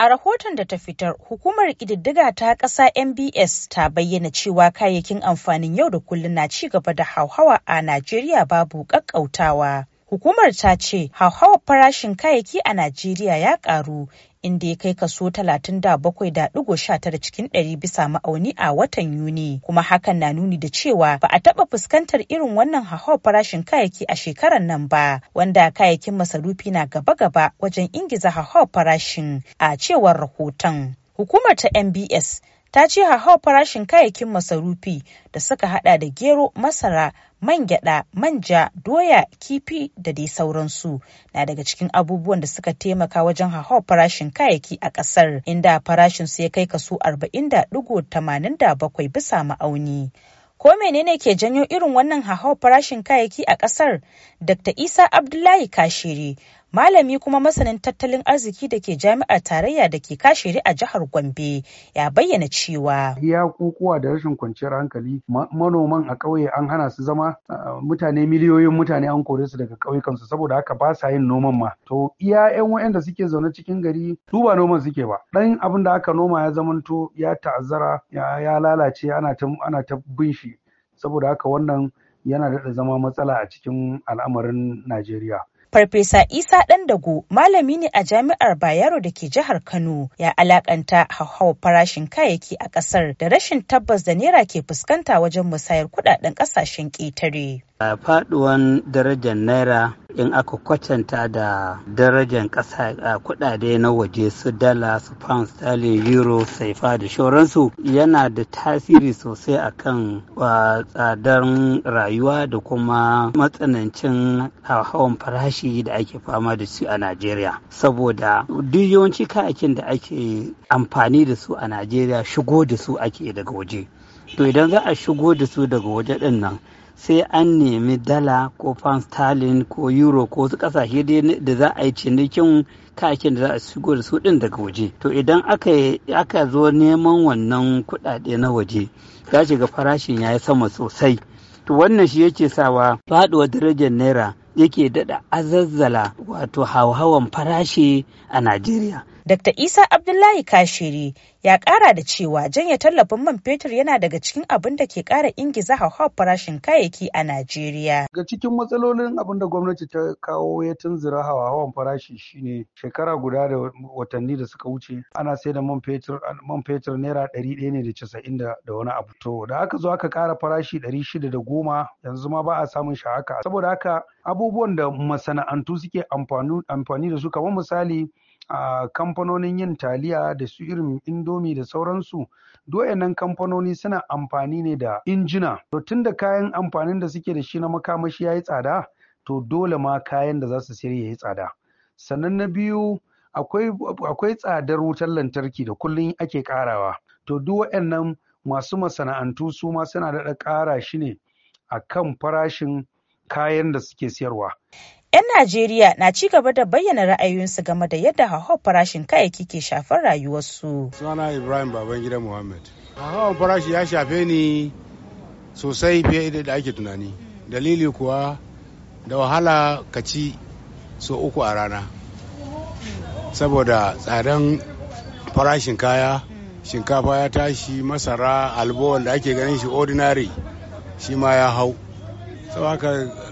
A rahoton da ta fitar, hukumar ƙididdiga ta ƙasa MBS ta bayyana cewa kayayyakin amfanin yau da kullum na ci gaba da hauhawa a Najeriya babu ƙaƙƙautawa. Hukumar ta ce hauhawar farashin kayayyaki a Najeriya ya ƙaru inda ya kai kaso 37.19 cikin 100 bisa ma'auni a watan Yuni kuma hakan na nuni da cewa ba a taɓa fuskantar irin wannan hahawar farashin kayayyaki a shekarar nan ba wanda kayayyakin masarufi na gaba-gaba wajen ingiza hahawar farashin a cewar rahoton. Hukumar ta MBS ta ce hauhawar farashin kayayyakin masarufi da suka hada da gero, masara, man gyada, manja, doya, kifi da dai sauransu na daga cikin abubuwan da suka taimaka wajen hauhawar farashin kayayyaki a kasar inda farashin su ya kai kaso 40.87 bisa ma'auni. Ko menene ke janyo irin wannan hauhawar farashin kayayyaki a kasar? Dr. Isa Abdullahi Kashiri malami kuma masanin tattalin arziki da ke jami'ar tarayya da ke kashiri a jihar gombe ya bayyana cewa ya kukuwa da rashin kwanciyar hankali manoman a ƙauye an hana su zama mutane miliyoyin mutane an kore su daga ƙauyukansu saboda haka ba sa yin noman ma to iya yan wayanda suke zaune cikin gari su ba noman suke ba dan abin da aka noma ya zamanto ya ta'azzara ya lalace ana ta ana ta bin shi saboda haka wannan yana daɗa zama matsala a cikin al'amarin Najeriya. Farfesa Isa Ɗandago malami ne a jami'ar Bayero da ke jihar Kano ya alakanta hauhawar farashin kayayyaki a ƙasar da rashin tabbas da naira ke fuskanta wajen musayar kudaden kasashen ƙetare. faduwan darajar naira in aka kwatanta da darajar ƙasa a kuɗaɗe na waje su dala su pound sterling euro saifa da shoransu yana da tasiri sosai akan tsadar rayuwa da kuma matsanancin hawan farashi da ake fama da su a najeriya saboda duk yawanci kayakin da ake amfani da su a najeriya shigo da su ake daga waje to idan za a shigo da su daga waje ɗin nan sai an nemi dala ko pound sterling ko euro ko wasu kasashe da za a yi cinikin kakin da za a shigo da su din daga waje to idan aka zo neman wannan kuɗaɗe na waje za shiga farashin ya yi sama sosai to wannan shi yake sawa faɗuwar darajar naira yake dada azazzala wato hauhawan farashi a najeriya Dr. Isa Abdullahi Kashiri ya kara da cewa janya tallafin man fetur yana daga cikin abin da ke kara ingiza hauhawar farashin kayayyaki a Najeriya. Daga cikin matsalolin abin da gwamnati ta kawo ya tunzura hauhawar farashi shine shekara guda da watanni da suka wuce ana sai da man fetur naira ɗari ɗaya ne da casa'in da wani abu. To da aka zo aka kara farashi ɗari shida da goma yanzu ma ba a samun shi haka. Saboda haka abubuwan da masana'antu suke amfani da su kamar misali a kamfanonin yin taliya da su irin indomi da sauransu nan kamfanoni suna amfani ne da injina to tun da kayan amfanin da suke da shi na makamashi ya yi tsada to dole ma kayan da za su sayar ya yi tsada sannan na biyu akwai tsadar wutar lantarki da kullum ake karawa to duk nan masu masana'antu su ma suna daɗa ƙara shi ne a kan farashin kayan da suke siyarwa 'Yan Najeriya na ci gaba da bayyana ra'ayoyinsu game da yadda hauhawar farashin kayayyaki ke shafar rayuwarsu. Suna Ibrahim Babangida Muhammad. Hauhawar farashi ya shafe ni sosai fiye da da ake tunani. Dalili kuwa da wahala ka ci so uku a rana. Saboda tsadan farashin kaya, shinkafa ya tashi, masara, albowar da ake ganin shi ordinary, shi ma ya hau. sau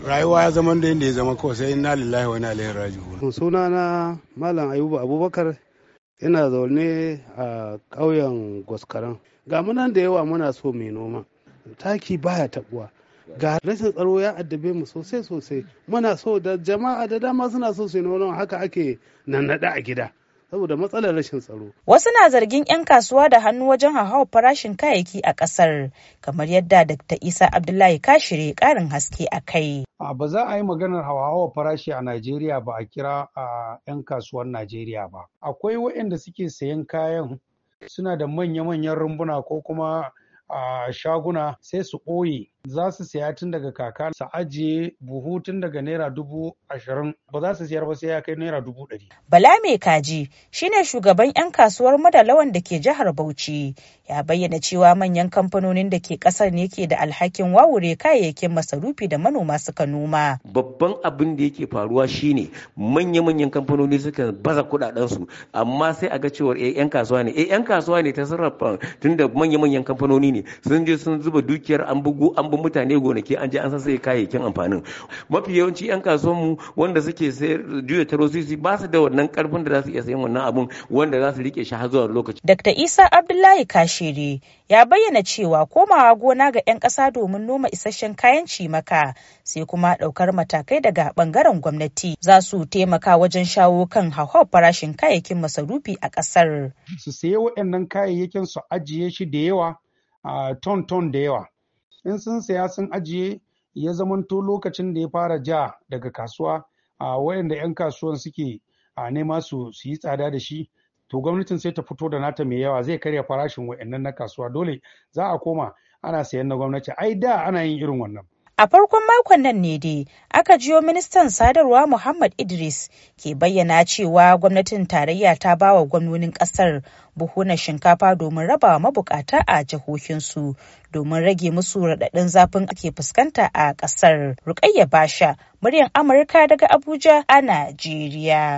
rayuwa ya zama da yadda ya zama kawai sai na lillahi wani inna ilaihi suna na malam ayuba abubakar yana zaune a ƙauyen gwaskaran ga munan da yawa muna so mai noma taki baya tabuwa ga rashin tsaro ya addabe mu sosai sosai muna so da jama'a da dama suna so su yi haka ake nannaɗa a gida saboda matsalar rashin tsaro. Wasu na zargin 'yan kasuwa da hannu wajen hauhawar farashin kayayyaki a ƙasar kamar yadda Dr. Isa Abdullahi Kashire ƙarin haske a kai. Ba za a yi maganar hauhawar farashi a Najeriya ba a kira a 'yan kasuwar Najeriya ba. Akwai waɗanda suke sayan kayan suna da manya-manyan rumbuna ko kuma a shaguna sai su ɓoye za su siya tun daga kaka su ajiye buhu tun daga naira dubu ashirin ba za su siyar ba sai ya kai naira dubu ɗari. Bala mai kaji shine shugaban 'yan kasuwar madalawan da ke jihar Bauchi ya bayyana cewa manyan kamfanonin da ke ƙasar ne ke da alhakin wawure kayayyakin masarufi da manoma suka noma. Babban abin da yake faruwa shine manya-manyan kamfanoni suka baza kuɗaɗensu amma sai a ga cewar 'yan eh, kasuwa ne 'yan eh, kasuwa ne ta sarrafa tunda manya-manyan kamfanoni ne ne sun je sun zuba dukiyar an bugu an bi mutane gonaki an je an san sai kayayyakin amfanin mafi yawanci yan kasuwanmu wanda suke sai juya taro sisi ba su da wannan karfin da za su iya sayan wannan abun wanda za su rike shi har zuwa lokaci Dr. Isa Abdullahi Kashiri ya bayyana cewa komawa gona ga 'yan kasa domin noma isasshen kayan cimaka sai kuma ɗaukar matakai daga bangaren gwamnati za su taimaka wajen shawo kan hauhawar farashin kayayyakin masarufi a kasar. Su sayi waɗannan kayayyakin su ajiye shi da yawa a ton ton da yawa in sun saya sun ajiye ya zamanto lokacin da ya fara ja daga kasuwa a wayanda 'yan kasuwan suke a nema su yi tsada da shi to gwamnatin sai ta fito da nata mai yawa zai karya farashin wayannan na kasuwa dole za a koma ana sayan na gwamnati ai da ana yin irin wannan A farkon makon nan ne dai aka jiyo ministan sadarwa Muhammad Idris ke bayyana cewa gwamnatin tarayya ta ba wa gwamnonin kasar buhunan shinkafa domin raba mabukata a jihohinsu domin rage musu raɗaɗin zafin ake fuskanta a kasar. Rukayya Basha, muryar Amurka daga Abuja a Najeriya.